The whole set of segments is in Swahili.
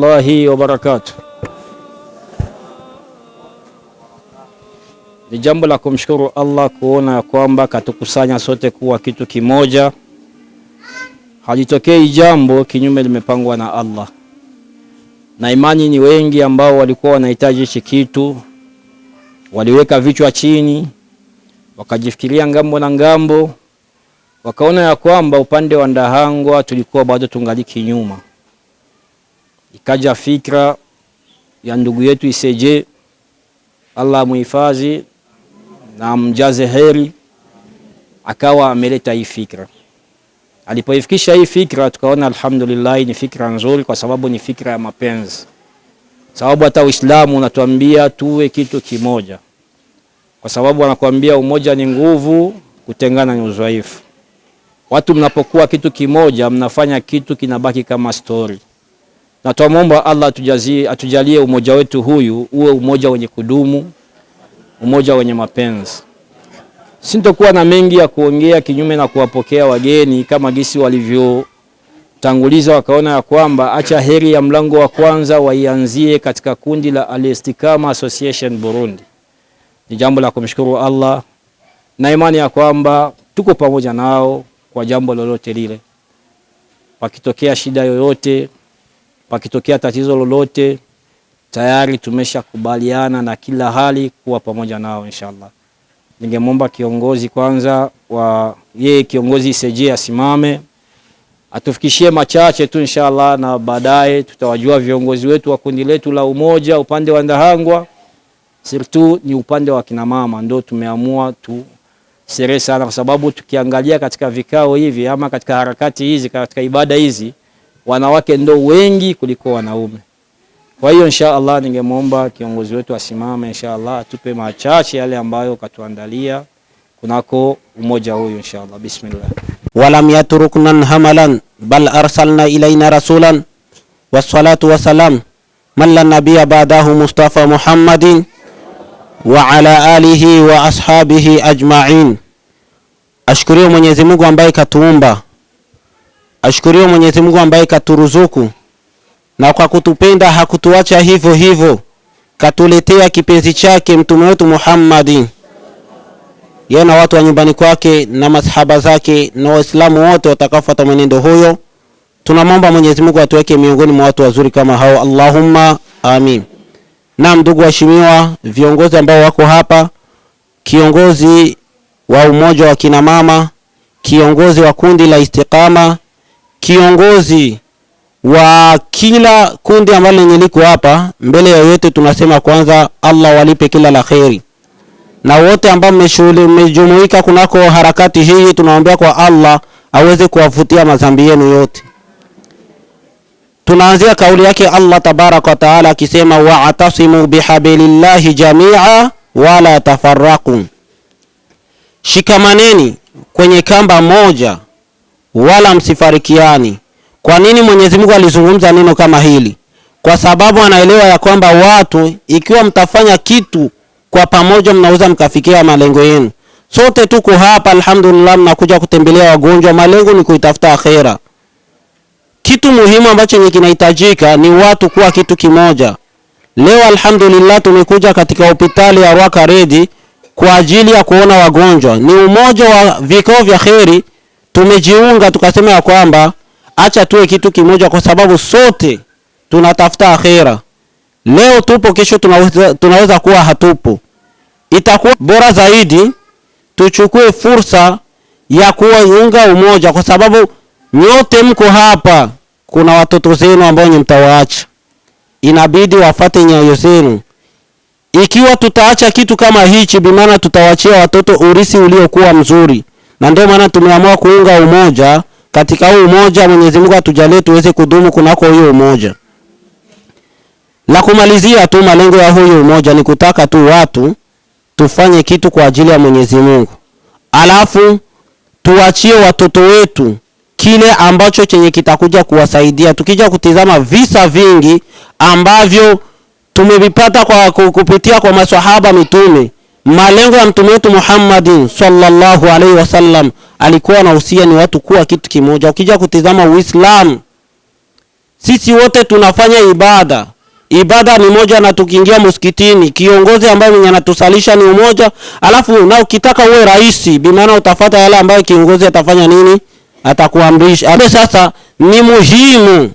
rahmatullahi wabarakatuh. Ni jambo la kumshukuru Allah kuona ya kwamba katukusanya sote kuwa kitu kimoja. Halitokei jambo kinyume limepangwa na Allah, na imani ni wengi ambao walikuwa wanahitaji hichi kitu, waliweka vichwa chini, wakajifikiria ngambo na ngambo, wakaona ya kwamba upande wa Ndahangwa tulikuwa bado tungali kinyuma ikaja fikra ya ndugu yetu Iseje, Allah muhifadhi na mjaze heri, akawa ameleta hii fikra. Alipoifikisha hii fikra, tukaona alhamdulillah, ni fikra nzuri, kwa sababu ni fikra ya mapenzi, sababu hata Uislamu unatuambia tuwe kitu kimoja, kwa sababu anakuambia umoja ni nguvu, kutengana ni udhaifu. Watu mnapokuwa kitu kimoja, mnafanya kitu kinabaki kama stori na twamwomba Allah atujazie, atujalie umoja wetu huyu uwe umoja wenye kudumu, umoja wenye mapenzi. Sintokuwa na mengi ya kuongea, kinyume na kuwapokea wageni kama gisi walivyotanguliza, wakaona ya kwamba acha heri ya mlango wa kwanza waianzie katika kundi la Alistikama Association Burundi. Ni jambo la kumshukuru Allah na imani ya kwamba tuko pamoja nao kwa jambo lolote lile, wakitokea shida yoyote Pakitokea tatizo lolote, tayari tumeshakubaliana na kila hali kuwa pamoja nao inshallah. Ningemwomba kiongozi kwanza wa yeye kiongozi Seje asimame atufikishie machache tu inshallah, na baadaye tutawajua viongozi wetu wa kundi letu la Umoja upande wa Ndahangwa, sirtu ni upande wa kina mama, ndio tumeamua tu sere sana, kwa sababu tukiangalia katika vikao hivi ama katika harakati hizi, katika ibada hizi wanawake ndo wengi kuliko wanaume. Kwa hiyo insha Allah ningemwomba kiongozi wetu asimame, insha Allah atupe machache yale ambayo katuandalia kunako umoja huyu insha Allah. Bismillah. walam yatruknan hamalan bal arsalna ilaina rasulan wassalatu wassalam man la nabiyya ba'dahu Mustafa Muhammadin wa ala alihi wa ashabihi ajma'in. Ashukuriwe Mwenyezi Mungu ambaye katuumba Ashukuriwe Mwenyezi Mungu ambaye katuruzuku na kwa kutupenda hakutuacha hivyo hivyo, katuletea kipenzi chake mtume wetu Muhammadi, yeye na watu wa nyumbani kwake na masahaba zake na Waislamu wote watakaofuata mwenendo huyo. Tunamwomba Mwenyezi Mungu atuweke miongoni mwa watu wazuri kama hao, Allahumma amin. Na ndugu waheshimiwa viongozi ambao wako hapa, kiongozi wa umoja wa kina mama, kiongozi wa kundi la Istiqama kiongozi wa kila kundi ambalo lenye liko hapa mbele ya yote, tunasema kwanza Allah walipe kila la kheri, na wote ambao mmejumuika kunako harakati hii, tunaombea kwa Allah aweze kuwafutia madhambi yenu yote. Tunaanzia kauli yake Allah tabarak wa taala akisema, waatasimu bihabilillahi jamia wala tafarraqu, shikamaneni kwenye kamba moja wala msifarikiani. Kwa nini Mwenyezi Mungu alizungumza neno kama hili? Kwa sababu anaelewa ya kwamba watu, ikiwa mtafanya kitu kwa pamoja, mnaweza mkafikia malengo yenu. Sote tuko hapa alhamdulillah, mnakuja kutembelea wagonjwa, malengo ni kuitafuta akhera. Kitu muhimu ambacho nye kinahitajika ni watu kuwa kitu kimoja. Leo alhamdulillah, tumekuja katika hospitali ya Redi kwa ajili ya kuona wagonjwa, ni umoja wa vikao vya kheri tumejiunga tukasema ya kwamba acha tuwe kitu kimoja, kwa sababu sote tunatafuta akhera. Leo tupo, kesho tunaweza, tunaweza kuwa hatupo. Itakuwa bora zaidi tuchukue fursa ya kuwaunga umoja, kwa sababu nyote mko hapa. Kuna watoto zenu ambao ni mtawaacha, inabidi wafate nyayo zenu. Ikiwa tutaacha kitu kama hichi, bimana tutawachia watoto urisi uliokuwa mzuri na ndio maana tumeamua kuunga umoja. Katika huu umoja Mwenyezi Mungu atujalie tuweze kudumu kunako huyo umoja. La kumalizia tu, malengo ya huyu umoja ni kutaka tu watu tufanye kitu kwa ajili ya Mwenyezi Mungu, alafu tuachie watoto wetu kile ambacho chenye kitakuja kuwasaidia. Tukija kutizama visa vingi ambavyo tumevipata kwa kupitia kwa maswahaba mitume Malengo ya mtume wetu Muhammad sallallahu alaihi wasallam alikuwa anahusia ni watu kuwa kitu kimoja. Ukija kutizama Uislamu, sisi wote tunafanya ibada, ibada ni moja, na tukiingia msikitini, kiongozi ambaye mwenye anatusalisha ni umoja, alafu na ukitaka uwe rais, bi maana utafata yale ambayo kiongozi atafanya nini, atakuamrisha. Abe, sasa ni muhimu,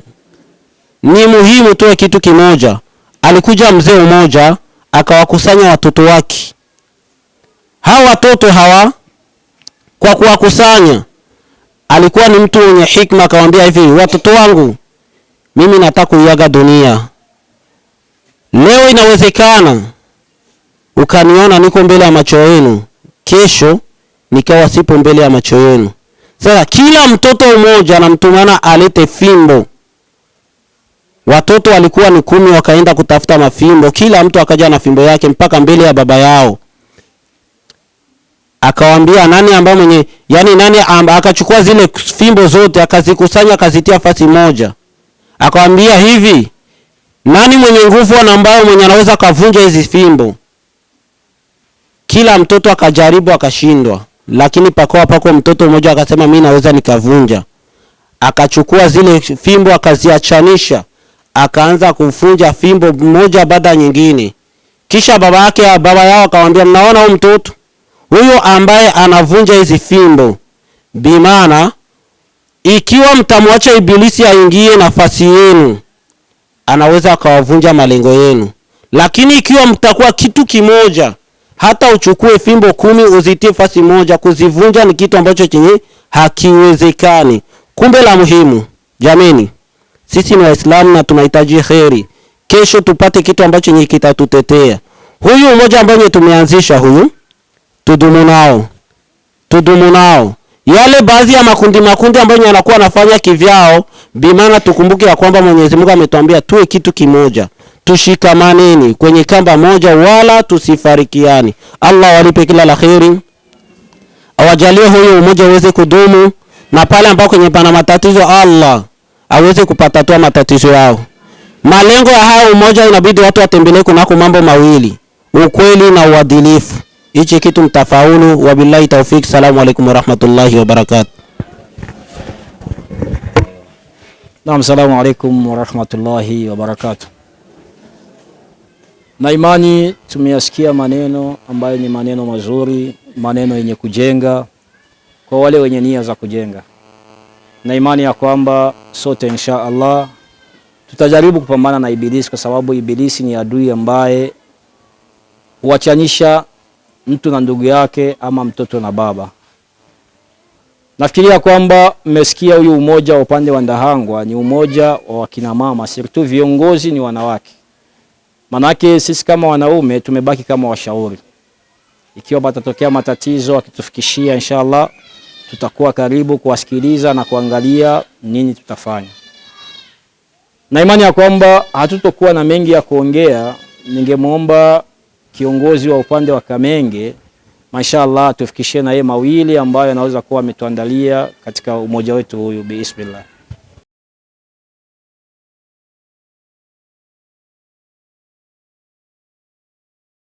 ni muhimu tuwe kitu kimoja. Alikuja mzee mmoja akawakusanya watoto wake Hawa watoto hawa kwa kuwakusanya, alikuwa ni mtu mwenye hikma, akamwambia hivi, watoto wangu, mimi nataka kuiaga dunia leo. Inawezekana ukaniona niko mbele ya macho yenu, kesho nikawa sipo mbele ya macho yenu. Sasa kila mtoto mmoja anamtumana alete fimbo. Watoto walikuwa ni kumi, wakaenda kutafuta mafimbo, kila mtu akaja na fimbo yake mpaka mbele ya baba yao. Akawaambia nani ambaye mwenye yani nani amba, akachukua zile fimbo zote akazikusanya akazitia fasi moja. Akawaambia hivi, nani mwenye nguvu na ambao mwenye anaweza kavunja hizi fimbo? Kila mtoto akajaribu akashindwa, lakini pakoa pako mtoto mmoja akasema mimi naweza nikavunja. Akachukua zile fimbo akaziachanisha, akaanza kufunja fimbo moja baada nyingine. Kisha baba yake baba yao akamwambia, mnaona huyu mtoto huyo ambaye anavunja hizi fimbo, bimana ikiwa mtamwacha Ibilisi aingie nafasi yenu, anaweza akawavunja malengo yenu. Lakini ikiwa mtakuwa kitu kimoja, hata uchukue fimbo kumi uzitie fasi moja, kuzivunja ni kitu ambacho chenye hakiwezekani. Kumbe la muhimu jameni, sisi ni Waislamu na tunahitaji heri, kesho tupate kitu ambacho chenye kitatutetea. Huyu umoja ambaye tumeanzisha huyu tudumu nao, tudumu nao. Yale baadhi ya makundi makundi ambayo yanakuwa nafanya kivyao, bimana tukumbuke ya kwamba Mwenyezi Mungu ametuambia tuwe kitu kimoja, tushikamaneni kwenye kamba moja, wala tusifarikiani. Allah walipe kila la kheri, awajalie huyo umoja uweze kudumu, na pale ambapo kwenye pana matatizo Allah aweze kupata kupatatua matatizo yao. Malengo ya haya umoja, inabidi watu watembelee kunako mambo mawili, ukweli na uadilifu hichi kitu mtafaulu. Wabillahi taufik, salamu alaikum warahmatullahi wabarakatu. Naam, salamu alaikum warahmatullahi wabarakatu. Na imani tumeyasikia maneno ambayo ni maneno mazuri, maneno yenye kujenga kwa wale wenye nia za kujenga, na imani ya kwamba sote insha Allah tutajaribu kupambana na Ibilisi, kwa sababu Ibilisi ni adui ambaye huachanisha mtu na ndugu yake ama mtoto na baba. Nafikiria kwamba mmesikia huyu umoja wa upande wa Ndahangwa ni umoja wa si tu viongozi ni wanawake. Manake sisi kama wanaume tumebaki kama washauri. Ikiwa patatokea matatizo, akitufikishia inshallah, tutakuwa karibu kuwasikiliza na kuangalia nini tutafanya, na imani ya kwamba hatutokuwa na mengi ya kuongea. Ningemwomba kiongozi wa upande wa Kamenge, mashallah tufikishie na yeye mawili ambayo anaweza kuwa ametuandalia katika umoja wetu huyu biismillah.